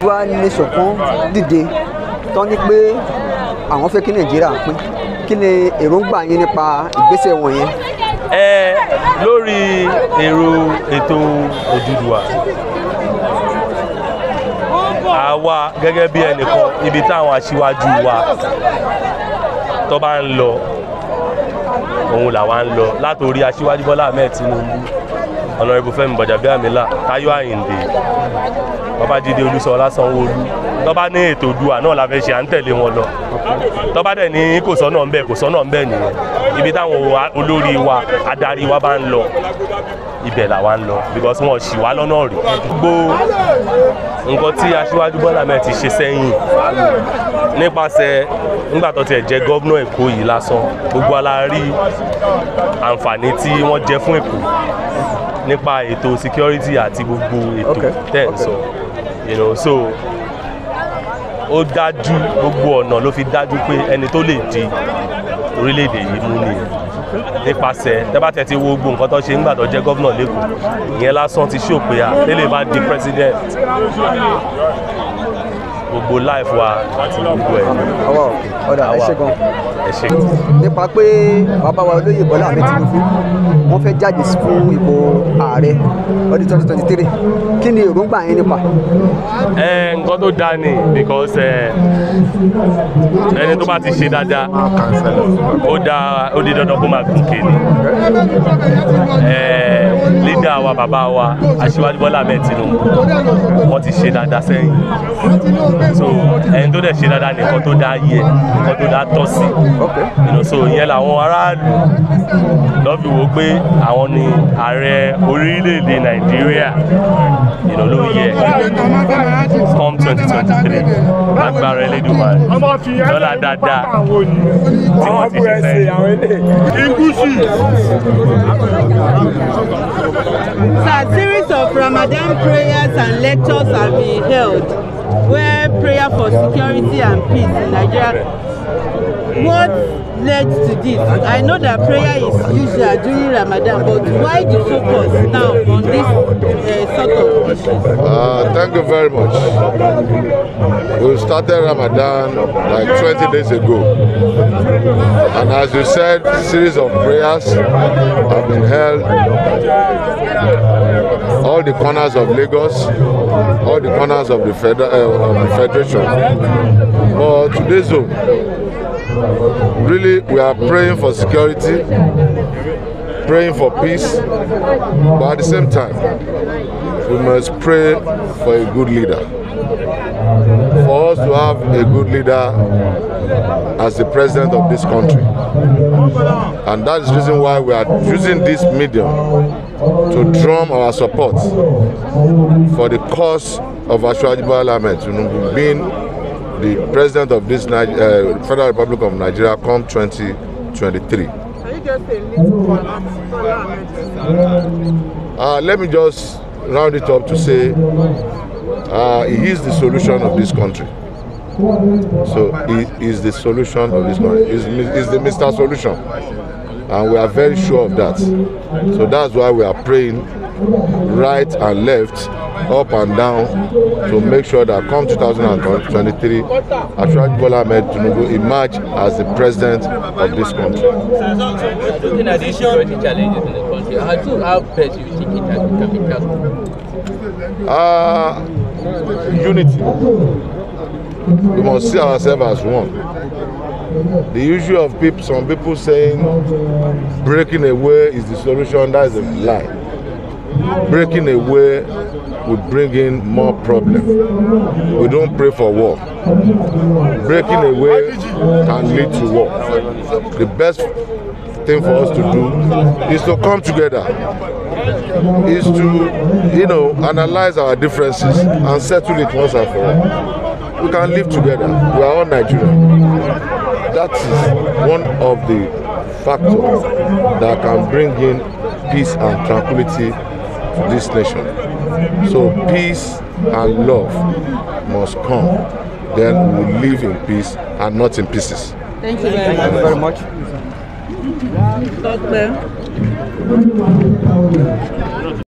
wá nation kan dìde tán ní pé àwọn fẹ́ kí nàìjíríà pín kí ni èròǹgbà yín nípa ìgbésẹ̀ wọ̀nyẹn. ẹ lórí èrò ètò Odùduwà àwa gẹ́gẹ́ bí ẹnìkan ibi táwọn aṣíwájú wa tó bá ń òun làwa ń lọ látòrí aṣíwájú bọ́lá ahmed tinubu ọ̀nàrẹ́bù fẹ́mi bọ̀jàbíàmílà táyọ̀ àyìndé babájídé olúṣọlá sanwóolu tọ́ba ní ètò òdua náà la fẹ́ ṣe à ń tẹ̀lé wọn lọ tọ́ba dẹ̀ ní kò sọ́nà ń bẹ̀ kò sọ́nà ń bẹ̀ nìyẹn ibi táwọn olórí wa adarí wa bá ń lọ ibẹ̀ làwa ń lọ because wọn ṣì wá lọ́nà rí gbogbo nǹkan tí aṣíwájú Bọ́lá Ahmed ti ṣe sẹ́yìn nípasẹ̀ nígbà tó tiẹ̀ jẹ́ gọ́vnà Èkó yìí lásán gbogbo ala rí àǹfààní tí wọ́n jẹ fún Èkó nípa ètò security àti gbogbo ètò tẹ̀ ń you know so ó dájú gbogbo ọ̀nà ló fi dájú pé ẹni tó lè di orílẹ̀-èdè yìí mú nìyẹn nípasẹ̀ tẹ́bá tẹ́ ti wo gbogbo nǹkan tó ṣe nígbà tó jẹ́ gọ́vnà lẹ́kọ̀ọ́ ìyẹn lásán ti ṣòpè à lélẹ̀ máa di president gbogbo life àti gbogbo ẹ̀. ọwọ́ ọ̀dà ẹ gan. ẹ ṣe. nípa pé bàbá wa olóyè Bọ́lá Ahmed Tinubu wọ́n fẹ́ jáde fún ipò ààrẹ ọdún twenty twenty three kí ni èròǹgbà yẹn nípa. ẹ nǹkan tó dáa ni because ẹni tó bá ti ṣe dáadáa ó dáa ó di dandan kó máa gòkè ni lídà wa bàbá wa Aṣíwájú Bọ́lá Ahmed Tinubu wọ́n ti ṣe dáadáa sẹ́yìn dẹ̀ ṣe dáadáa nìkan tó dáa yẹ nìkan tó dáa tọ́ sí so ìyẹn làwọn aráàlú lọ́fi wo pé àwọn ni ààrẹ orílẹ̀-èdè nàìjíríà ìnáwó yẹ com twenty twenty three agbára ẹlẹ́dùnmáà lọ́la dáadáa tí wọ́n ti ṣe sẹ́yìn. Sir, series of Ramadan prayers and lectures have been held where prayer for security and peace in Nigeria what led to this? I know that prayer is usual during Ramadan, but why the focus now on this uh, sort of issue? Uh, thank you very much. We started Ramadan like 20 days ago. And as you said, a series of prayers have been held all the corners of Lagos, all the corners of the, feder uh, of the Federation. But today's zone, Really, we are praying for security, praying for peace, but at the same time, we must pray for a good leader. For us to have a good leader as the president of this country. And that is the reason why we are using this medium to drum our support for the cause of Ashwaji Ahmed being the president of this uh, Federal Republic of Nigeria come 2023. uh, Let me just round it up to say uh, he is the solution of this country. So he is the solution of this country. He's, the Mr. Solution. And we are very sure of that. So that's why we are praying right and left up and down to make sure that come 2023 Asiwaju Bola Ahmed Tinubu emerge as the president of this country. In addition to the challenges in how do you think it can be unity. We must see ourselves as one. The issue of people, some people saying breaking away is the solution, that is a lie breaking away will bring in more problems. We don't pray for war. Breaking away can lead to war. The best thing for us to do is to come together, is to, you know, analyze our differences and settle it once and for all. We can live together. We are all Nigerians. That is one of the factors that can bring in peace and tranquility this nation. So peace and love must come. Then we will live in peace and not in pieces. Thank you very, Thank you very much. God bless.